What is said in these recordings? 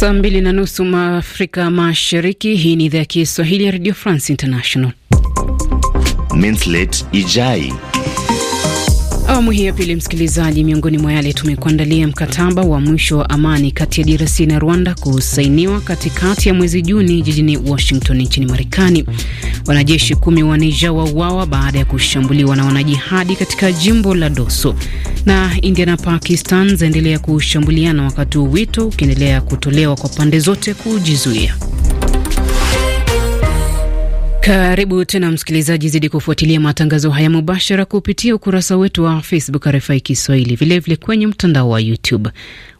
Saa mbili na nusu Maafrika Mashariki. Hii ni idhaa ya Kiswahili ya Radio France International. minslate Ijai Awamu hii ya pili, msikilizaji, miongoni mwa yale tumekuandalia: mkataba wa mwisho wa amani kati ya DRC na Rwanda kusainiwa katikati ya mwezi Juni jijini Washington nchini Marekani. Wanajeshi kumi wa Niger wauawa baada ya kushambuliwa na wanajihadi katika jimbo la Doso. Na India na Pakistan zaendelea kushambuliana, wakati wito ukiendelea kutolewa kwa pande zote kujizuia. Karibu tena msikilizaji, zidi kufuatilia matangazo haya mubashara kupitia ukurasa wetu wa Facebook RFI Kiswahili, vilevile kwenye mtandao wa YouTube.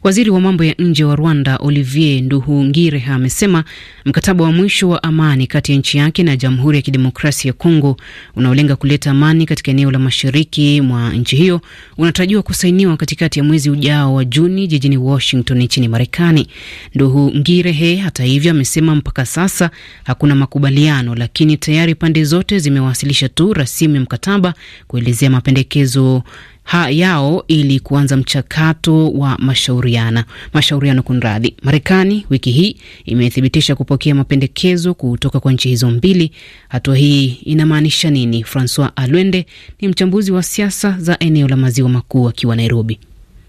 Waziri wa mambo ya nje wa Rwanda Olivier Nduhungireha amesema mkataba wa mwisho wa amani kati ya nchi yake na Jamhuri ya Kidemokrasia ya Kongo unaolenga kuleta amani katika eneo la mashariki mwa nchi hiyo unatarajiwa kusainiwa katikati ya mwezi ujao wa Juni jijini Washington nchini Marekani. Nduhungirehe hata hivyo amesema mpaka sasa hakuna makubaliano, lakini tayari pande zote zimewasilisha tu rasimu ya mkataba kuelezea mapendekezo ha yao ili kuanza mchakato wa mashauriano mashauriano kunradhi. Marekani wiki hii imethibitisha kupokea mapendekezo kutoka kwa nchi hizo mbili. Hatua hii inamaanisha nini? Francois Alwende ni mchambuzi wa siasa za eneo la maziwa makuu akiwa Nairobi.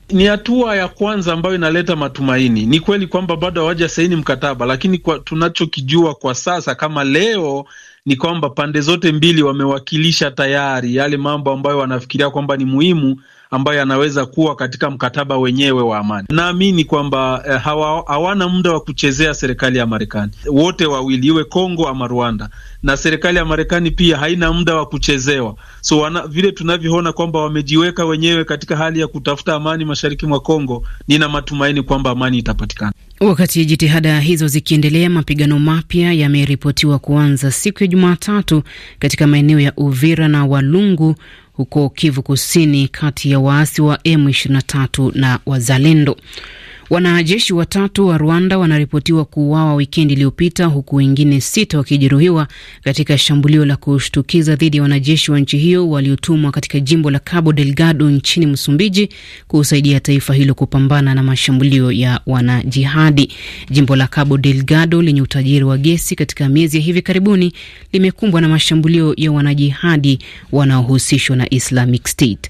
Ni hatua ya kwanza ambayo inaleta matumaini. Ni kweli kwamba bado hawaja saini mkataba, lakini kwa tunachokijua kwa sasa, kama leo ni kwamba pande zote mbili wamewakilisha tayari yale mambo ambayo wanafikiria kwamba ni muhimu ambayo yanaweza kuwa katika mkataba wenyewe wa amani. Naamini kwamba eh, hawana muda wa kuchezea serikali ya Marekani wote wawili, iwe Kongo ama Rwanda, na serikali ya Marekani pia haina muda wa kuchezewa. So wana, vile tunavyoona kwamba wamejiweka wenyewe katika hali ya kutafuta amani mashariki mwa Kongo, nina matumaini kwamba amani itapatikana. Wakati jitihada hizo zikiendelea, mapigano mapya yameripotiwa kuanza siku ya Jumatatu katika maeneo ya Uvira na Walungu huko Kivu Kusini, kati ya waasi wa M23 na Wazalendo. Wanajeshi watatu wa Rwanda wanaripotiwa kuuawa wikendi iliyopita huku wengine sita wakijeruhiwa katika shambulio la kushtukiza dhidi ya wanajeshi wa nchi hiyo waliotumwa katika jimbo la Cabo Delgado nchini Msumbiji kusaidia taifa hilo kupambana na mashambulio ya wanajihadi. Jimbo la Cabo Delgado lenye utajiri wa gesi, katika miezi ya hivi karibuni limekumbwa na mashambulio ya wanajihadi wanaohusishwa na Islamic State.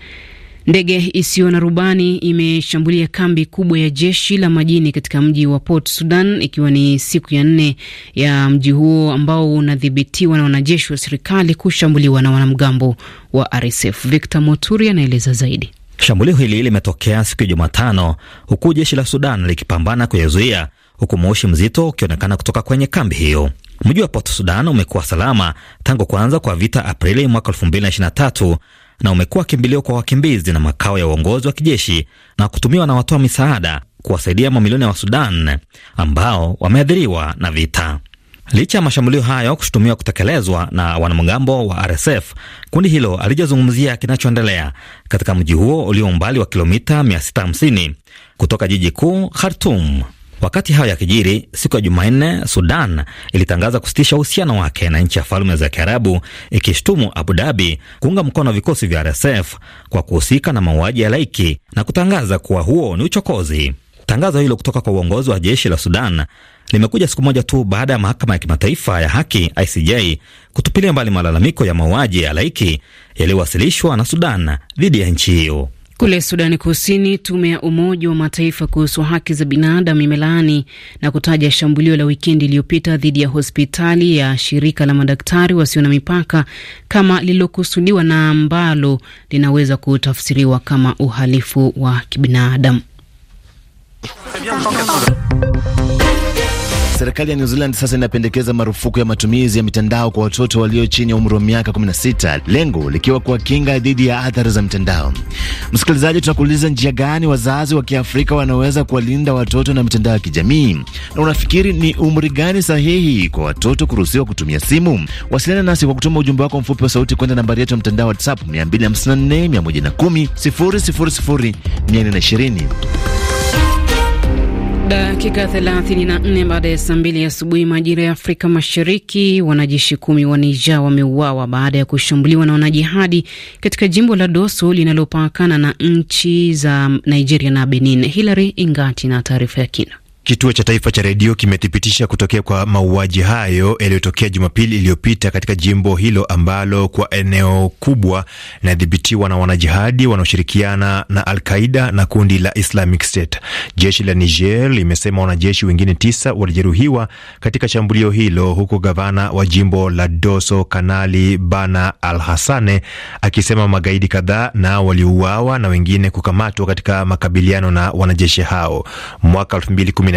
Ndege isiyo na rubani imeshambulia kambi kubwa ya jeshi la majini katika mji wa Port Sudan, ikiwa ni siku ya nne ya mji huo ambao unadhibitiwa na wanajeshi wa serikali kushambuliwa na wanamgambo wa RSF. Victor Moturi anaeleza zaidi. Shambulio hili limetokea siku ya Jumatano huku jeshi la Sudan likipambana kuyazuia, huku moshi mzito ukionekana kutoka kwenye kambi hiyo. Mji wa Port Sudan umekuwa salama tangu kuanza kwa vita Aprili mwaka 2023 na umekuwa kimbilio kwa wakimbizi na makao ya uongozi wa kijeshi na kutumiwa na watoa misaada kuwasaidia mamilioni ya Wasudan ambao wameathiriwa na vita. Licha ya mashambulio hayo kushutumiwa kutekelezwa na wanamgambo wa RSF, kundi hilo alijazungumzia kinachoendelea katika mji huo ulio umbali wa kilomita 650 kutoka jiji kuu Khartum. Wakati hayo yakijiri, siku ya Jumanne, Sudan ilitangaza kusitisha uhusiano wake na nchi ya Falme za Kiarabu, ikishtumu Abu Dhabi kuunga mkono vikosi vya RSF kwa kuhusika na mauaji ya laiki na kutangaza kuwa huo ni uchokozi. Tangazo hilo kutoka kwa uongozi wa jeshi la Sudan limekuja siku moja tu baada ya mahakama ya kimataifa ya haki ICJ kutupilia mbali malalamiko ya mauaji ya laiki yaliyowasilishwa na Sudan dhidi ya nchi hiyo. Kule Sudani Kusini, tume ya Umoja wa Mataifa kuhusu haki za binadamu imelaani na kutaja shambulio la wikendi iliyopita dhidi ya hospitali ya shirika la madaktari wasio na mipaka kama lililokusudiwa na ambalo linaweza kutafsiriwa kama uhalifu wa kibinadamu. Serikali ya New Zealand sasa inapendekeza marufuku ya matumizi ya mitandao kwa watoto walio chini ya umri wa miaka 16, lengo likiwa kuwakinga dhidi ya athari za mitandao. Msikilizaji, tunakuuliza njia gani wazazi wa Kiafrika wanaweza kuwalinda watoto na mitandao ya kijamii, na unafikiri ni umri gani sahihi kwa watoto kuruhusiwa kutumia simu? Wasiliana nasi kwa kutuma ujumbe wako mfupi wa sauti kwenda nambari yetu ya mtandao WhatsApp 254 110 000 420. Dakika 34 baada ya saa mbili asubuhi majira ya Afrika Mashariki, wanajeshi kumi wa Niger wameuawa baada ya kushambuliwa na wanajihadi katika jimbo la Doso linalopakana na nchi za Nigeria na Benin. Hilary Ingati na taarifa ya kina. Kituo cha Taifa cha Redio kimethibitisha kutokea kwa mauaji hayo yaliyotokea Jumapili iliyopita katika jimbo hilo ambalo kwa eneo kubwa linadhibitiwa na wanajihadi wanaoshirikiana na alqaida na kundi la Islamic State. Jeshi la Niger limesema wanajeshi wengine tisa walijeruhiwa katika shambulio hilo, huku gavana wa jimbo la Doso Kanali Bana Al-Hassane akisema magaidi kadhaa na waliuawa na wengine kukamatwa katika makabiliano na wanajeshi hao mwaka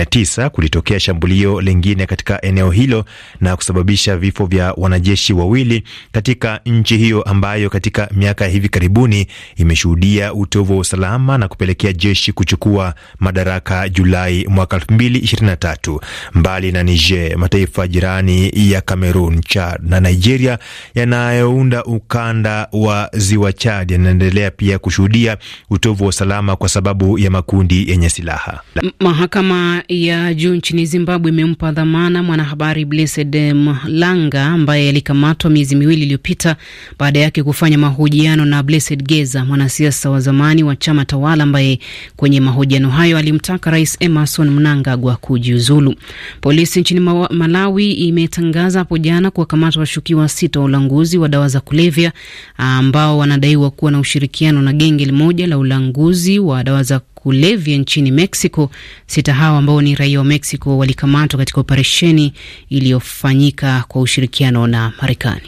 19 kulitokea shambulio lingine katika eneo hilo na kusababisha vifo vya wanajeshi wawili katika nchi hiyo ambayo katika miaka ya hivi karibuni imeshuhudia utovu wa usalama na kupelekea jeshi kuchukua madaraka Julai mwaka 2023. Mbali na Niger, mataifa jirani ya Cameroon, Chad na Nigeria yanayounda ukanda wa ziwa Chad yanaendelea pia kushuhudia utovu wa usalama kwa sababu ya makundi yenye silaha. Mahakama ya juu nchini Zimbabwe imempa dhamana mwanahabari Blessed Mlanga ambaye alikamatwa miezi miwili iliyopita baada yake kufanya mahojiano na Blessed Geza, mwanasiasa wa zamani wa chama tawala, ambaye kwenye mahojiano hayo alimtaka Rais Emerson Mnangagwa kujiuzulu. Polisi nchini Malawi imetangaza hapo jana kuwakamata washukiwa sita wa ulanguzi wa dawa za kulevya ambao wanadaiwa kuwa na ushirikiano na genge moja la ulanguzi wa dawa za kulevya nchini Mexico. Sita hao ambao ni raia wa Mexico walikamatwa katika operesheni iliyofanyika kwa ushirikiano na Marekani.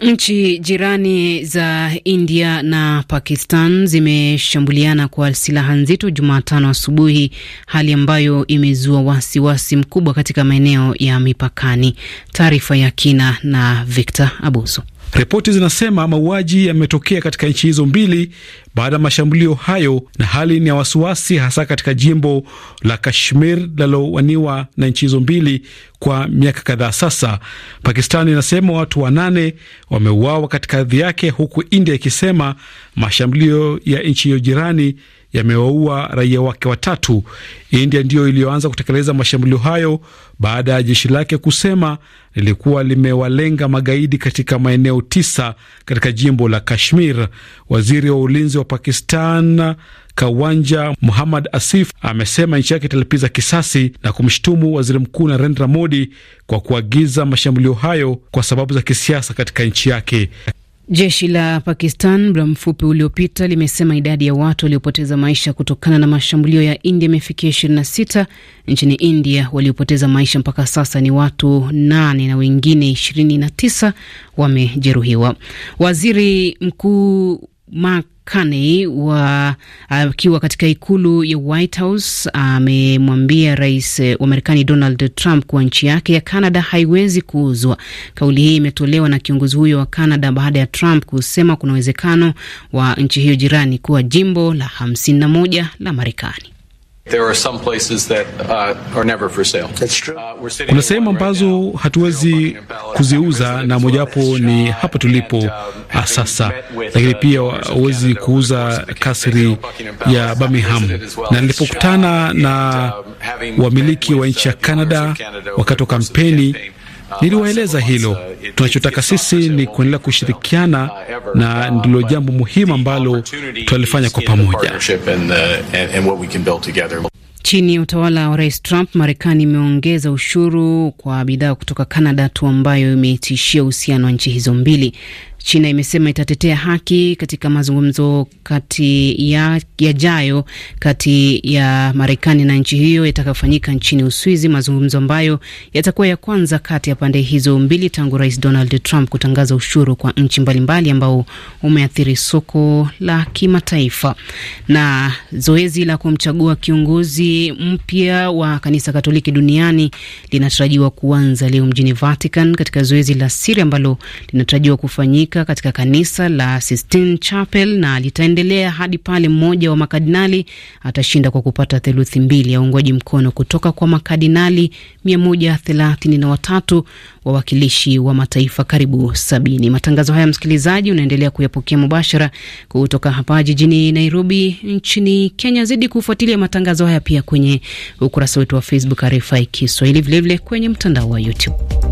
Nchi jirani za India na Pakistan zimeshambuliana kwa silaha nzito Jumatano asubuhi, hali ambayo imezua wasiwasi wasi mkubwa katika maeneo ya mipakani. Taarifa ya kina na Victor Abuso. Ripoti zinasema mauaji yametokea katika nchi hizo mbili baada ya mashambulio hayo, na hali ni ya wasiwasi, hasa katika jimbo la Kashmir linalowaniwa na nchi hizo mbili kwa miaka kadhaa sasa. Pakistan inasema watu wanane wameuawa katika ardhi yake, huku India ikisema mashambulio ya nchi hiyo jirani yamewaua raia wake watatu. India ndiyo iliyoanza kutekeleza mashambulio hayo baada ya jeshi lake kusema lilikuwa limewalenga magaidi katika maeneo tisa katika jimbo la Kashmir. Waziri wa ulinzi wa Pakistan Kawanja Muhammad Asif amesema nchi yake italipiza kisasi na kumshutumu waziri mkuu Narendra Modi kwa kuagiza mashambulio hayo kwa sababu za kisiasa katika nchi yake. Jeshi la Pakistan muda mfupi uliopita limesema idadi ya watu waliopoteza maisha kutokana na mashambulio ya India imefikia 26. Nchini India waliopoteza maisha mpaka sasa ni watu nane na wengine 29 wamejeruhiwa. Waziri Mkuu Mark Carney uh, akiwa katika ikulu ya White House amemwambia rais uh, wa Marekani Donald Trump kuwa nchi yake ya Canada haiwezi kuuzwa. Kauli hii imetolewa na kiongozi huyo wa Canada baada ya Trump kusema kuna uwezekano wa nchi hiyo jirani kuwa jimbo la 51 la Marekani. Uh, uh, Kuna sehemu ambazo hatuwezi kuziuza na mojawapo ni hapa tulipo um, ah, sasa, uh, lakini pia huwezi kuuza kasri ya Birmingham. Na nilipokutana na um, wamiliki wa nchi ya Canada wakati wa kampeni Niliwaeleza hilo. Tunachotaka sisi ni kuendelea kushirikiana na ndilo jambo muhimu ambalo tunalifanya kwa pamoja. Chini ya utawala wa Rais Trump, Marekani imeongeza ushuru kwa bidhaa kutoka Canada, tu ambayo imetishia uhusiano wa nchi hizo mbili. China imesema itatetea haki katika mazungumzo kati yajayo ya kati ya Marekani na nchi hiyo yatakayofanyika nchini Uswizi, mazungumzo ambayo yatakuwa ya kwanza kati ya pande hizo mbili tangu Rais Donald Trump kutangaza ushuru kwa nchi mbalimbali ambao umeathiri soko la kimataifa. Na zoezi la kumchagua kiongozi mpya wa kanisa Katoliki duniani linatarajiwa kuanza leo mjini Vatican katika zoezi la siri ambalo linatarajiwa kufanyika lilifanyika katika kanisa la Sistine Chapel na litaendelea hadi pale mmoja wa makardinali atashinda kwa kupata theluthi mbili ya uungwaji mkono kutoka kwa makardinali 133 wawakilishi wa mataifa karibu sabini. Matangazo haya msikilizaji, unaendelea kuyapokea mubashara kutoka hapa jijini Nairobi nchini Kenya. Zidi kufuatilia matangazo haya pia kwenye ukurasa wetu wa Facebook RFI Kiswahili, vilevile kwenye mtandao wa YouTube.